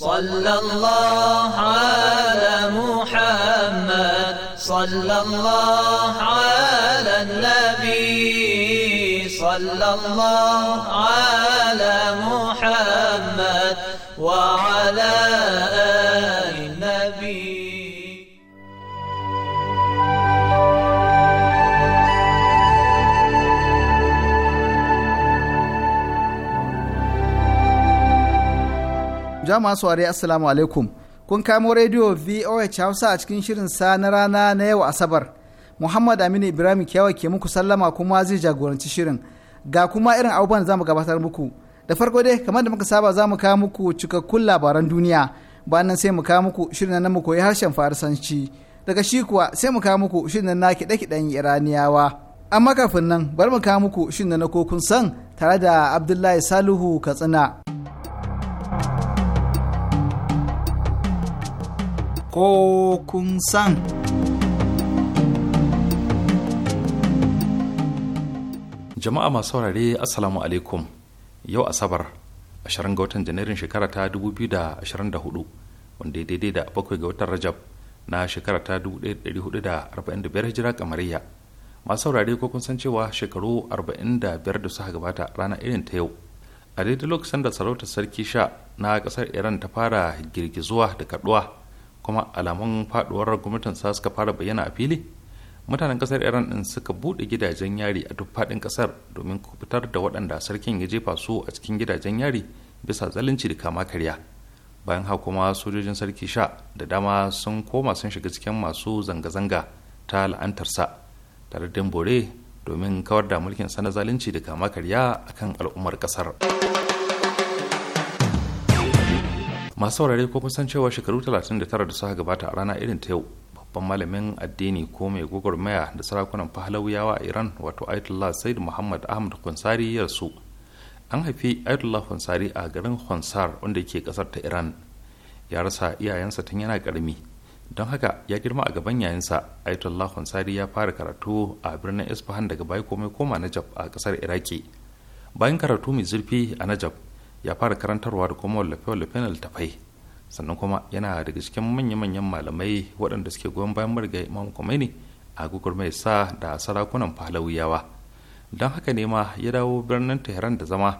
صلى الله على محمد صلى الله على النبي صلى الله على محمد وعلى آله jama'a saurari assalamu alaikum kun kamo rediyo voh hausa a cikin shirin sa na rana na yau asabar muhammad aminu ibrahim kyawa ke muku sallama kuma zai jagoranci shirin ga kuma irin abubuwan da zamu gabatar muku da farko dai kamar da muka saba za mu kawo muku cikakkun labaran duniya bayan sai mu kawo muku shirin na mu koyi harshen farisanci daga shi kuwa sai mu kawo muku shirin na kiɗe-kiɗen iraniyawa amma kafin nan bari mu kawo muku shirin na kokun san tare da abdullahi saluhu katsina. ko kun san. Jama'a masu saurare Assalamu alaikum yau Asabar 20 ga watan Janairun shekara ta 2024 wanda ya daidai da bakwai ga watan Rajab na shekara ta 1445 hijira kamariya masu saurare ko kun san cewa shekaru 45 da suka gabata rana irin ta yau a daidai lokacin da sarautar sarki sha na kasar iran ta fara girgizuwa da kaduwa kuma alamun faduwar gwamnatin sa suka fara bayyana a fili mutanen kasar iran din suka bude gidajen yari a duk fadin kasar domin fitar da waɗanda sarkin ya jefa su a cikin gidajen yari bisa zalunci da kama karya bayan haka kuma sojojin sarki sha da dama sun koma sun shiga cikin masu zanga-zanga ta sa tare da bore domin kawar da mulkin sana zalunci da kama karya akan al'ummar kasar. masu saurari ko kusan cewa shekaru 39 da suka gabata a rana irin ta yau babban malamin addini ko mai gwagwarmaya da sarakunan pahlawiyawa a iran wato ayatollah said muhammad ahmad kwansari ya rasu an haifi ayatollah kwansari a garin kwansar wanda ke kasar ta iran ya rasa iyayensa tun yana karami don haka ya girma a gaban yayinsa ayatollah kwansari ya fara karatu a birnin isfahan daga baya komai koma najab a kasar iraki bayan karatu mai zurfi a najab. ya fara karantarwa da kuma wallafe-wallafe na littafai sannan kuma yana daga cikin manya-manyan malamai waɗanda suke goyon bayan marga imam Khomeini a mai sa da sarakunan falawiyawa don haka ne ma ya dawo birnin tehran da zama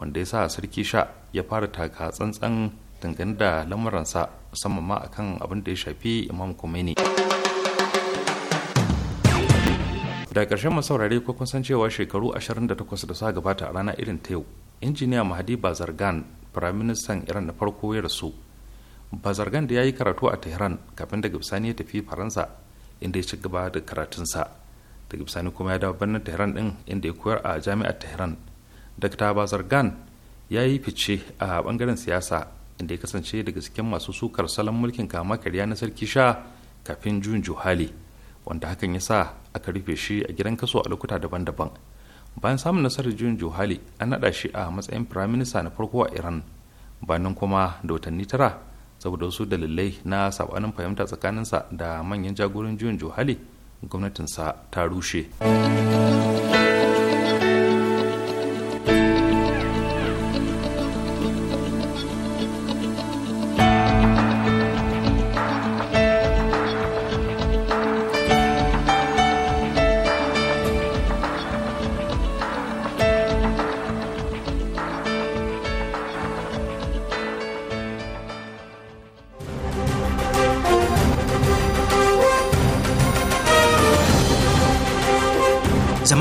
wanda ya sa sarki sha ya fara taka tsantsan dangane da lamuransa musamman ma akan abin da ya shafi imam Khomeini. da karshen masaurare ko kun san cewa shekaru 28 da suka gabata a rana irin ta yau injiniya mahadi bazargan firaministan iran na farko ya rasu bazargan da ya yi karatu a tehran kafin daga bisani ya tafi faransa inda ya ci gaba da karatunsa daga bisani kuma ya dawo birnin tehran din inda ya koyar a jami'ar tehran dakta bazargan ya yi fice a bangaren siyasa inda ya kasance daga cikin masu sukar salon mulkin kama karya na sarki sha kafin jun juhali wanda hakan ya sa aka rufe shi a gidan kaso a lokuta daban-daban bayan samun nasarar juyin johali an naɗa shi a matsayin firaminista na farko a iran bayan kuma da watanni tara saboda wasu dalilai na sabanin fahimta tsakaninsa da manyan jagoran juyin johali gwamnatinsa ta rushe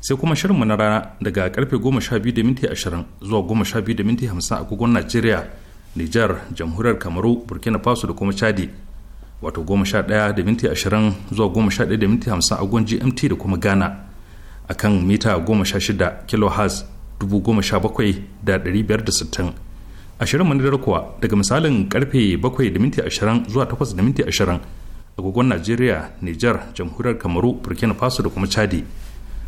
sai kuma shirinmu na rana daga karfe 12:20 zuwa 12:50 a kogon Najeriya, Nijar, Jamhuriyar Kamaru, Burkina Faso da kuma Chadi. Wato 11:20 zuwa 11:50 a agogon GMT da kuma Ghana a kan mita 16 kHz 17,560. A shirinmu na dare kuwa daga misalin karfe 7:20 zuwa 8:20 agogon Najeriya, Nijar, Jamhuriyar Kamaru, Burkina Faso da kuma Chadi.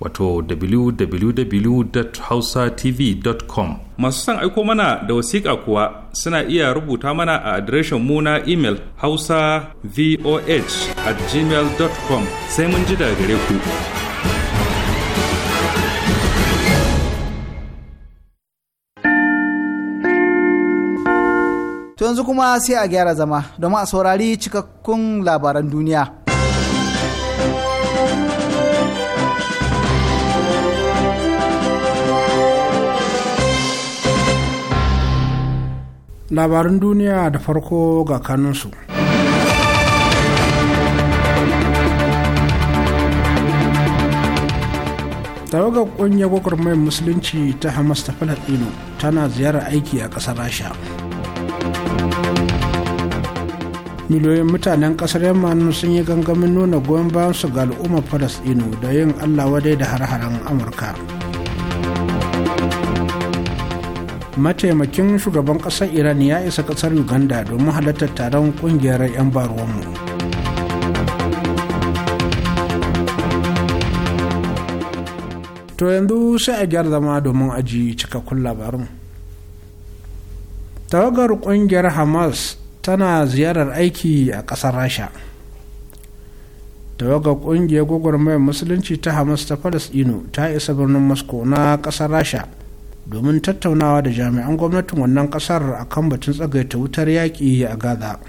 wato www.hausatv.com masu son aiko mana da wasiƙa kuwa suna iya rubuta mana a adireshin mu na imel hausa voh at gmail.com sai mun ji daga gare ku to yanzu kuma sai a gyara zama domin a saurari cikakkun labaran duniya labarin duniya da farko ga kanunsu. tawagar ƙungiyar gwagwarmayar musulunci ta hamas ta falaɗino tana ziyarar aiki a ƙasar rasha miliyoyin mutanen ƙasar yamman sun yi gangamin nuna goyon bayansu ga al'ummar falasɗinu da yin allah wadai da har-haren amurka mataimakin shugaban ƙasar iran ya isa ƙasar uganda domin halartar taron ƙungiyar 'yan baruwanmu to yanzu sai a gyara zama domin aji cikakkun labarin tawagar ƙungiyar hamas tana ziyarar aiki a ƙasar rasha tawagar kungiyar gwagwarmayar musulunci ta hamas ta palestino ta isa birnin moscow na kasar rasha domin tattaunawa da jami'an gwamnatin wannan kasar a kan batun tsagaita wutar yaƙi a gaza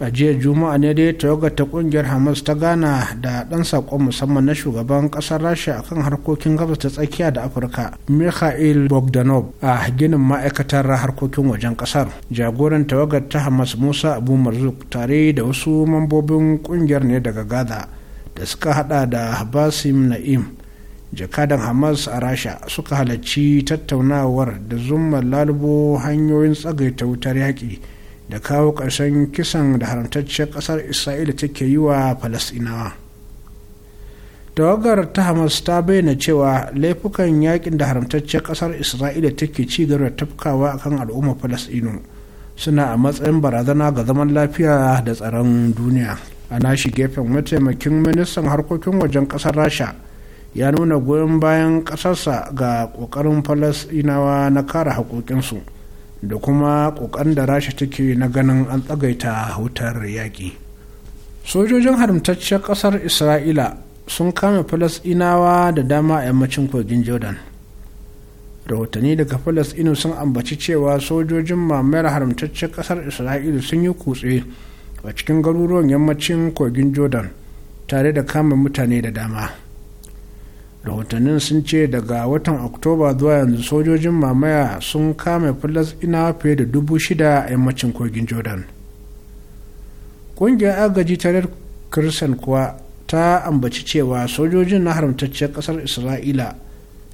a jiya juma'a ne dai tawaga ta kungiyar hamas ta gana da ɗan saƙon musamman na shugaban ƙasar rasha akan harkokin gabas ta tsakiya da afirka mikhail bogdanov a ginin ma'aikatar harkokin wajen ƙasar jagoran tawagar ta hamas musa abu marzuk tare da wasu mambobin kungiyar ne daga gaza da suka hada da basim na'im jakadan hamas a rasha suka halarci tattaunawar da zumar lalubo hanyoyin tsagaita wutar yaƙi da kawo ƙarshen kisan da haramtacciyar ƙasar isra'ila take yi wa falasinawa tawagar ta hamas ta bayyana cewa laifukan yaƙin da haramtacciyar ƙasar isra'ila take ci gaba da tafkawa akan al'ummar falasɗinu suna a matsayin barazana ga zaman lafiya da tsaron duniya a nashi gefen mataimakin ministan harkokin wajen ƙasar rasha ya nuna goyon bayan ƙasarsa ga ƙoƙarin falasinawa na kare haƙoƙinsu da kuma ƙoƙarin da rasha take na ganin an tsagaita wutar yaƙi sojojin haramtaccen ƙasar isra'ila sun kame falasinawa da dama a yammacin kogin jordan rahotanni daga falasinu sun ambaci cewa sojojin mamayar haramtaccen ƙasar isra'ila sun yi kutse a cikin garuruwan yammacin kogin jordan tare da kame mutane da dama rahotannin sun ce daga watan oktoba zuwa yanzu sojojin mamaya sun kame ina fiye da dubu shida a yammacin kogin jordan ƙungiyar agaji ta red crescent kuwa ta ambaci cewa sojojin na haramtacciyar ƙasar isra'ila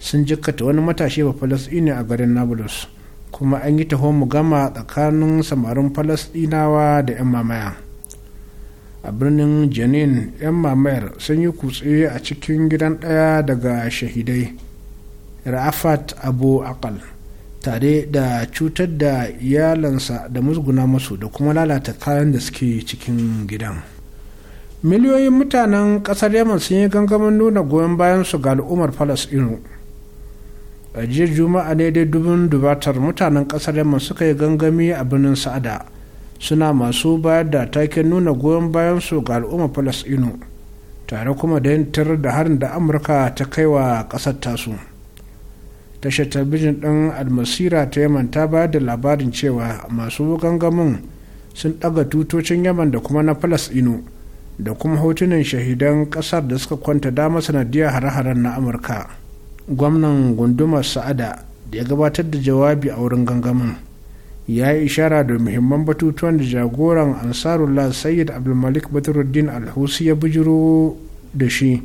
sun jikkata wani matashi ba falasɗini a garin nablus kuma an yi mu gama tsakanin samarin falasɗinawa da 'yan mamaya a birnin janin 'yan mamayar sun yi kutse a cikin gidan ɗaya daga shahidai rafat abu akal tare da cutar da iyalansa da musguna musu da kuma lalata kayan da suke cikin gidan miliyoyin mutanen ƙasar yaman sun yi gangamin nuna goyon bayan su ga al'ummar falasɗinu a jiya juma'a ne dai dubin dubatar mutanen ƙasar yaman suka yi gangami a birnin sa'ada suna masu bayar da taken nuna goyon bayan su ga al'ummar falasɗinu tare kuma da yantar da harin da amurka ta kai wa ƙasar tasu tashar talbijin ɗin almasira ta yaman ta bayar da labarin cewa masu gangamin sun ɗaga tutocin yaman da kuma na falasɗinu da kuma hotunan shahidan ƙasar da suka kwanta dama sanadiyar hare-haren na amurka gwamnan gundumar sa'ada da ya gabatar da jawabi a wurin gangamin ya yi ishara da muhimman batutuwan da jagoran ansarullah sayyid abdulmalik badruddin alhusi ya bujuru da shi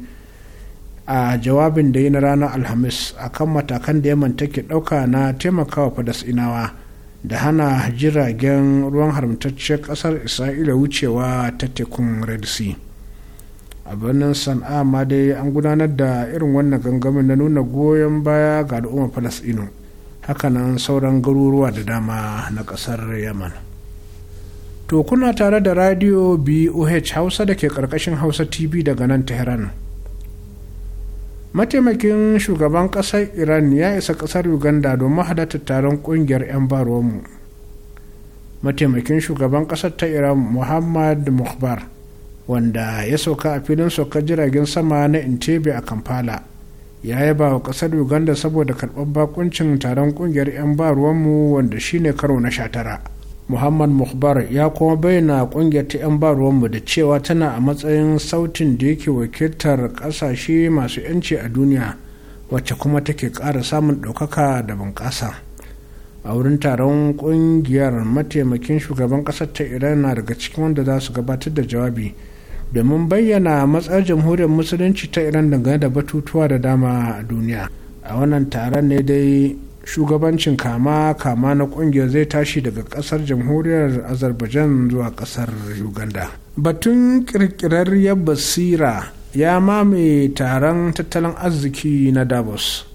a jawabin da yi na ranar alhamis a kan matakan da yaman take ɗauka na taimakawa falasɗinawa da hana jiragen ruwan haramtacciyar ƙasar isra'ila wucewa ta tekun red sea a birnin sana'a ma dai an gudanar da irin wannan gangamin na nuna goyon baya ga al'ummar falasɗinu hakanan sauran garuruwa da dama na ƙasar yaman to kuna tare da radio boh hausa da ke ƙarƙashin hausa tv daga nan tehran mataimakin shugaban ƙasar iran ya isa ƙasar uganda domin halarta taron ƙungiyar 'yan mu mataimakin shugaban ƙasar ta iran muhammad mukhbar wanda ya sauka a filin saukar jiragen sama na intebe a kampala ya yaba wa kasar uganda saboda karɓar bakuncin taron kungiyar 'yan ba ruwanmu wanda shine karo na sha tara muhammad muhbar ya kuma bayyana kungiyar ta 'yan ba ruwanmu da cewa tana a matsayin sautin da yake wakiltar kasashe masu 'yanci a duniya wacce kuma take ƙara samun ɗaukaka da bunƙasa a wurin taron kungiyar mataimakin shugaban ƙasar ta iran na daga cikin wanda za su gabatar da jawabi domin bayyana matsar jamhuriyar musulunci ta iran dangane da batutuwa da dama a duniya a wannan taron ne dai shugabancin kama kama na kungiyar zai tashi daga kasar jamhuriyar azerbaijan zuwa kasar uganda batun kirkirar basira ya mamaye taron tattalin arziki na davos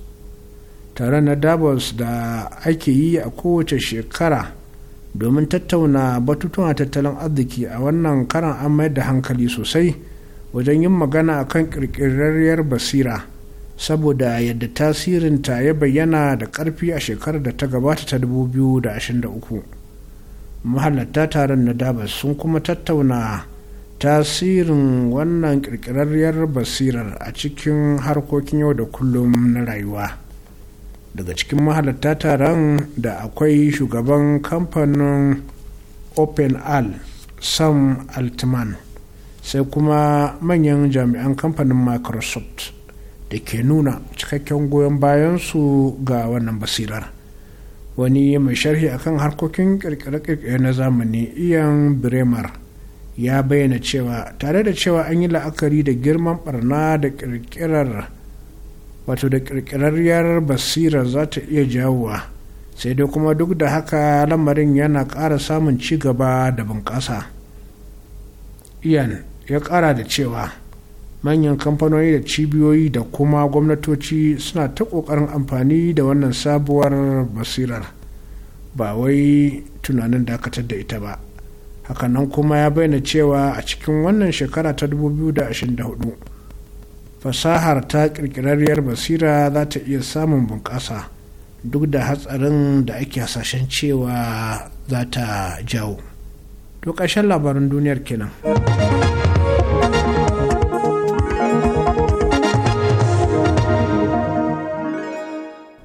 taron na davos da ake yi a kowace shekara domin tattauna batutuwan tattalin arziki a wannan karan an mayar da hankali sosai wajen yin magana a kan ƙirƙirarriyar basira saboda yadda tasirinta ya bayyana da ƙarfi a shekarar da ta gabata ta 2023 mahalarta taron na dabas sun kuma tattauna tasirin wannan ƙirƙirarriyar basirar a cikin harkokin yau da kullum na rayuwa. daga cikin mahalarta taron da akwai shugaban kamfanin open al sam altman sai kuma manyan jami'an kamfanin microsoft da ke nuna cikakken goyon bayansu ga wannan basirar wani mai sharhi akan harkokin kirkire-kirkire na zamani iyan bremer ya bayyana cewa tare da cewa an yi la'akari da girman barna da kirkirar wato da ƙirƙirarriyar basira za ta iya jawowa sai dai kuma duk da haka lamarin yana ƙara samun ci gaba da bunƙasa iyan ya ƙara da cewa manyan kamfanoni da cibiyoyi da kuma gwamnatoci suna ta ƙoƙarin amfani da wannan sabuwar basirar ba wai tunanin dakatar da ita ba hakanan kuma ya bayyana cewa a cikin wannan shekara ta 2024 fasahar ta ƙirƙirarriyar basira za ta iya samun bunƙasa duk da hatsarin da ake hasashen cewa za ta jawo to ƙarshen labarin duniyar kenan.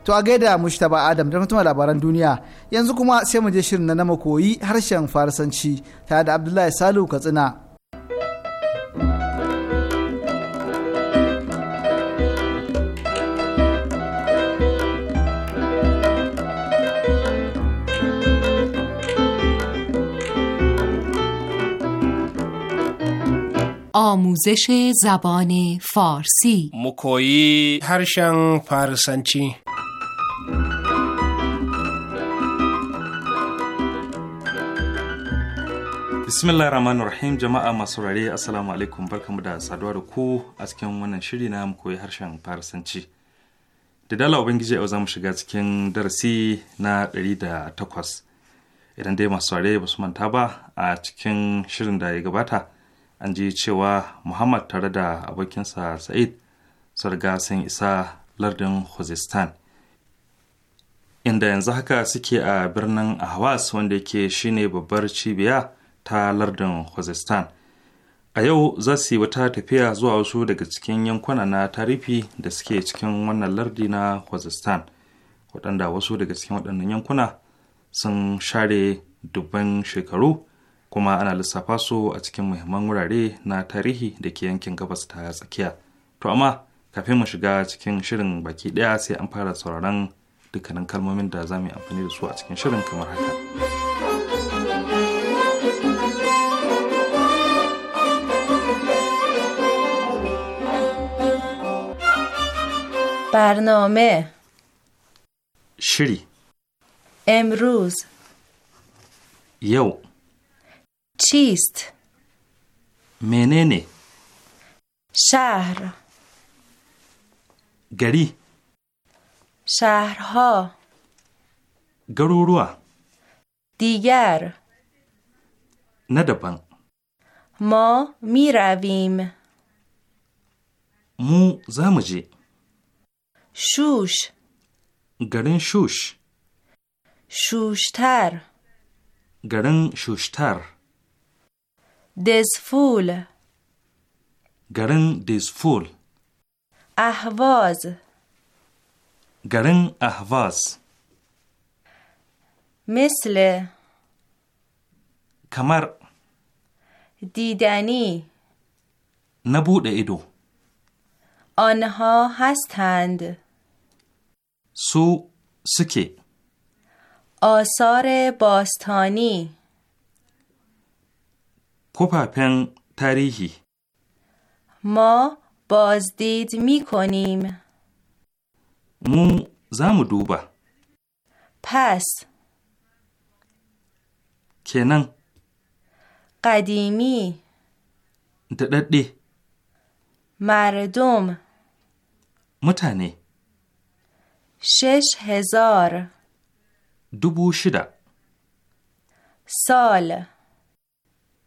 To a gaida Mushtaba Adam da mutum labaran duniya yanzu kuma sai mu je shirin na na koyi harshen Farisanci tare da Abdullahi Salu Katsina. آموزش زبان koyi harshen هرشن فارسنچی bismillah rahman rahim jama'a masu rare assalamu alaikum barkamu da saduwa da ku a cikin wannan shiri na mu koyi harshen farisanci da dala ubangiji yau za mu shiga cikin darasi na ɗari da takwas. idan dai masu rare ba su manta ba a cikin shirin da ya gabata an ji cewa muhammad tare da abokinsa sa'id sarga sun isa lardin khuzestan inda yanzu haka suke a birnin ahwas wanda yake shine babbar cibiya ta lardin khuzestan a yau za su yi wata tafiya zuwa wasu daga cikin yankuna na tarifi da suke cikin wannan lardi na khuzestan waɗanda wasu daga cikin waɗannan yankuna sun share dubban shekaru kuma ana lissafa su a cikin muhimman wurare na tarihi da ke yankin gabas ta tsakiya to amma kafin mu shiga cikin shirin baki ɗaya sai an fara sauraron dukkanin kalmomin da za mu yi amfani da su a cikin shirin kamar haka. برنامه شری امروز یو چیست؟ مننه شهر گری شهرها گرورو دیگر ندبن ما می رویم مو زمجی شوش گرن شوش شوشتر گرن شوشتر دزفول گرن دزفول احواز گرن اهواز مثل کمر دیدنی نبود ایدو آنها هستند سو سکی آثار باستانی کوپاپن تاریخی ما بازدید می کنیم مو زمو دوبا پس کنن قدیمی دردی مردم متنی شش هزار دوبو شده سال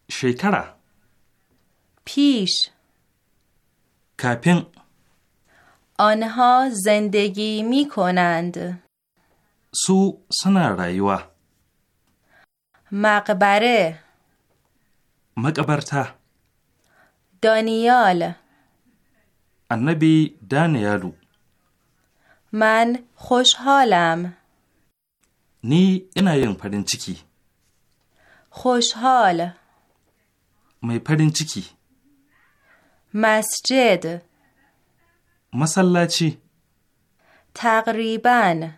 shekara pish kafin onha zendegi mikonand su suna rayuwa maqbare Maƙabarta. daniyal annabi danielu man khoshhalam ni ina yin farin ciki خوشحال mai farin ciki. Masjid Masallaci Tagriban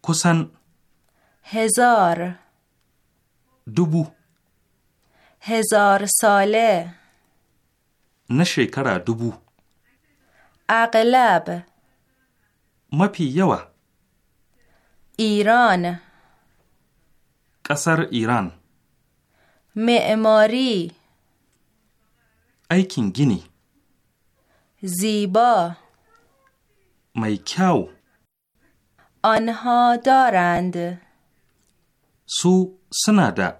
Kusan Hezar Dubu Hezar Sale Na shekara dubu Aqlab Mafi yawa Iran Ƙasar Iran معماری aikin gini Zibo. mai kyau آنها دارند su suna da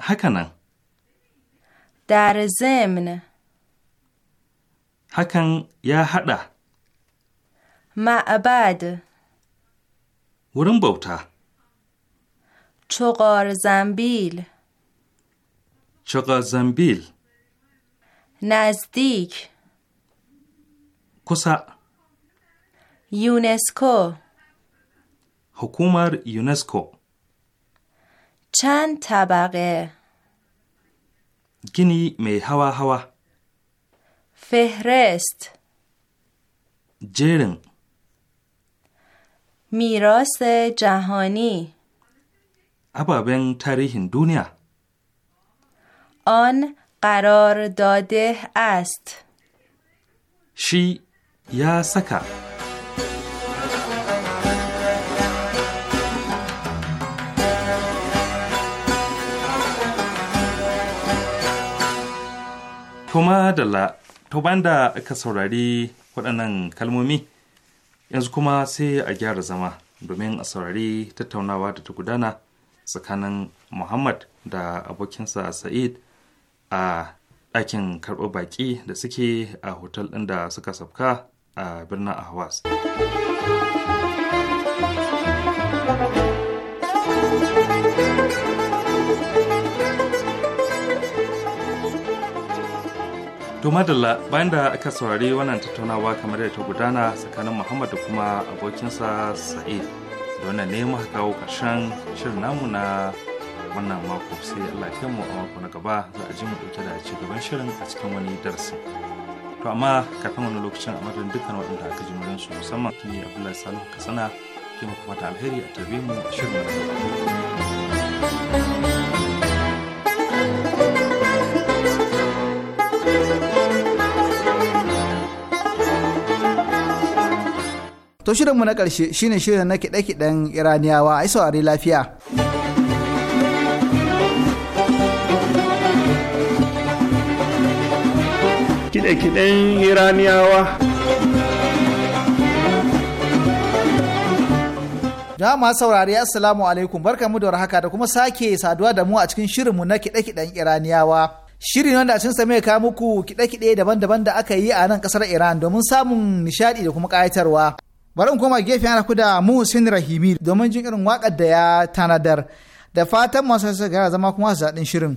Haka nan. در ضمن hakan ya haɗa ma'abad wurin bauta چقار زنبیل چقار زنبیل نزدیک کسا یونسکو حکومر یونسکو چند طبقه گینی می هوا هوا فهرست جرن میراث جهانی ababen tarihin duniya. آن قرار shi ya ya saka. Kuma da la, to da aka saurari waɗannan kalmomi, yanzu kuma sai a gyara zama domin a saurari tattaunawa da ta gudana tsakanin muhammad da abokinsa sa'id a ɗakin karɓar baƙi da suke a hotel ɗin da suka sabka a birnin ahwas To madalla bayan da aka saurari wannan tattaunawa kamar da ta gudana tsakanin Muhammad da kuma abokinsa Sa'id. don ne ma kawo karshen shirin namu na wannan mako sai Allah ya mu a mako na gaba za a ji mu dauke da ci gaban shirin a cikin wani darasi to amma kafin wani lokacin a madadin dukkan waɗanda aka ji murin su musamman ne Abdullahi Salihu Katsina ke muku fata alheri a tarbe mu a shirin na gaba To shirinmu na ƙarshe shine shirin na kiɗe-kiɗen Iraniyawa a saurari lafiya. Kiɗe-kiɗen Iraniyawa. jama'a masu saurari assalamu alaikum barkamu da haka da kuma sake saduwa da mu a cikin shirinmu na kiɗe-kiɗen iraniyawa shirin wanda a cinsa mai kawo muku kiɗe-kiɗe daban-daban da aka yi a nan ƙasar iran domin samun nishaɗi da kuma kayatarwa. bari in koma gefe yana ku da musin rahimi domin jin irin wakar da ya tanadar da fatan masu gara zama kuma su daɗin shirin.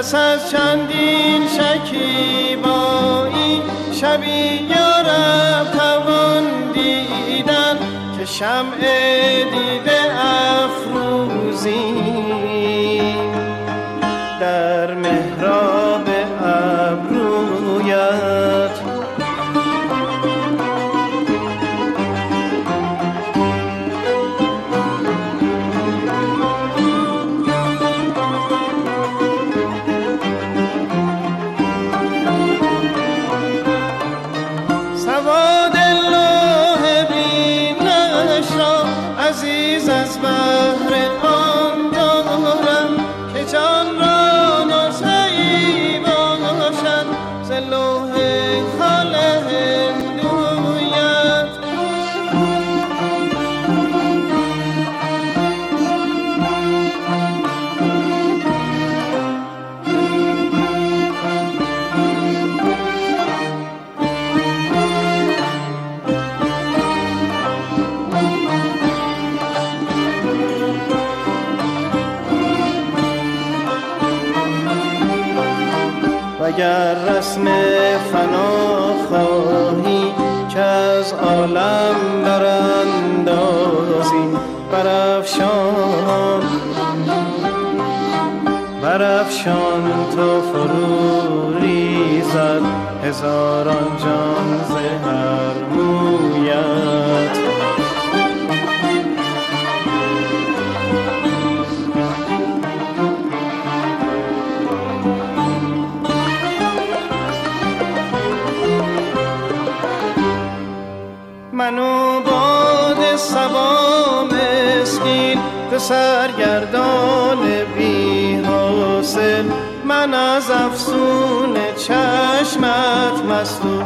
پس از چندین شکیبایی شبی یارب توان دیدن که شمع دیده افروزی هزاران جان زهر مویت منو باد سبا مسکین به سرگردان بی حاصل من از افسون چشمت مست و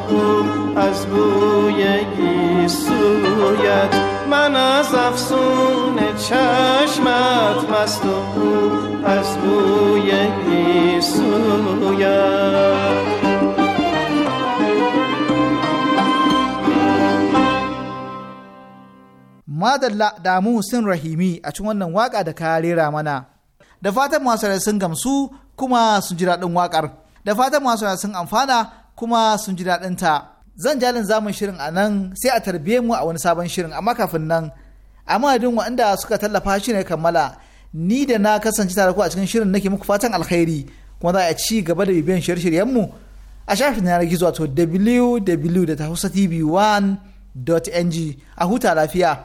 از بوی گیسویت من از افسون چشمت مست و از بوی گیسویت Madalla damu sun Rahimi a cikin wannan waka da ka rera mana. Da fatan masu sun gamsu kuma sun ji daɗin waƙar. Da fatan masu sun amfana kuma sun ji daɗin ta. Zan jalin zamun shirin a nan sai a tarbiye mu a wani sabon shirin amma kafin nan. A madadin waɗanda suka tallafa shi ne kammala ni da na kasance tare ku a cikin shirin nake muku fatan alkhairi kuma za a ci gaba da bibiyan shirye shiryen mu a shafin yanar gizo wato www.hausatv1.ng a huta lafiya.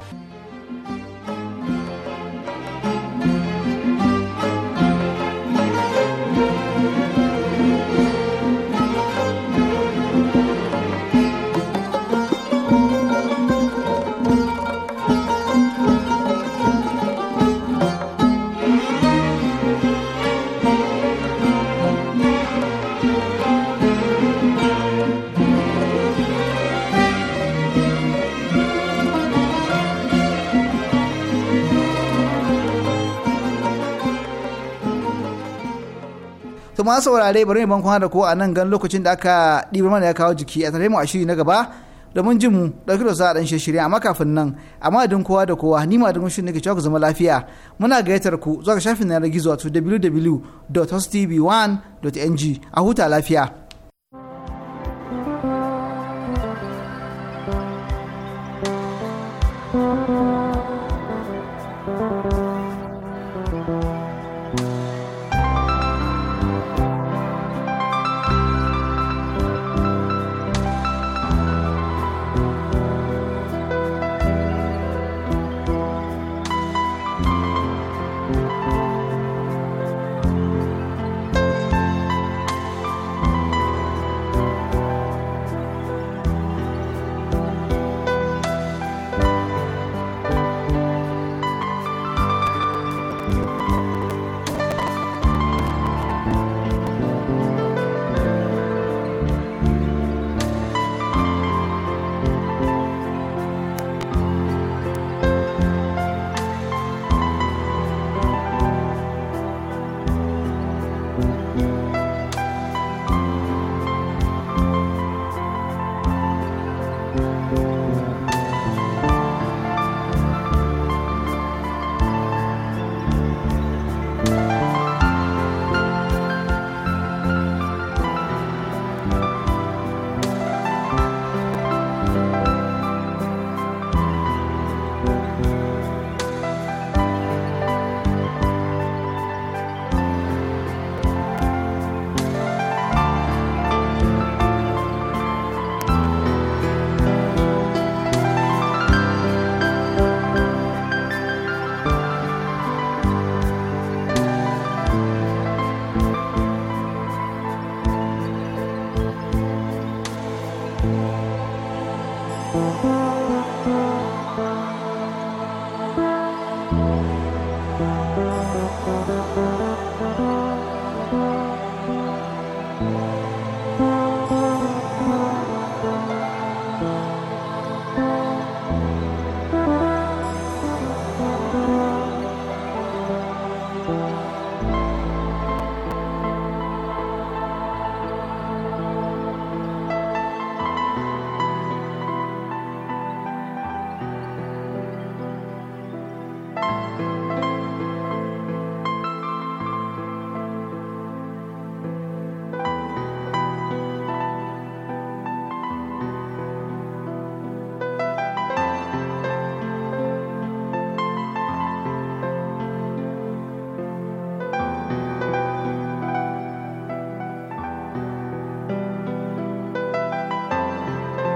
ma saurare bari ban kwana da ko a nan gan lokacin da aka ɗibar mana ya kawo jiki a tare mu a shiri na gaba domin jin mu ɗauki da za a ɗan shirya amma kafin nan amma don kowa da kowa ni ma da ne ke cewa ku zama lafiya muna gayyatar ku zuwa ga shafin yanar gizo wato www.hostv1.ng a huta lafiya.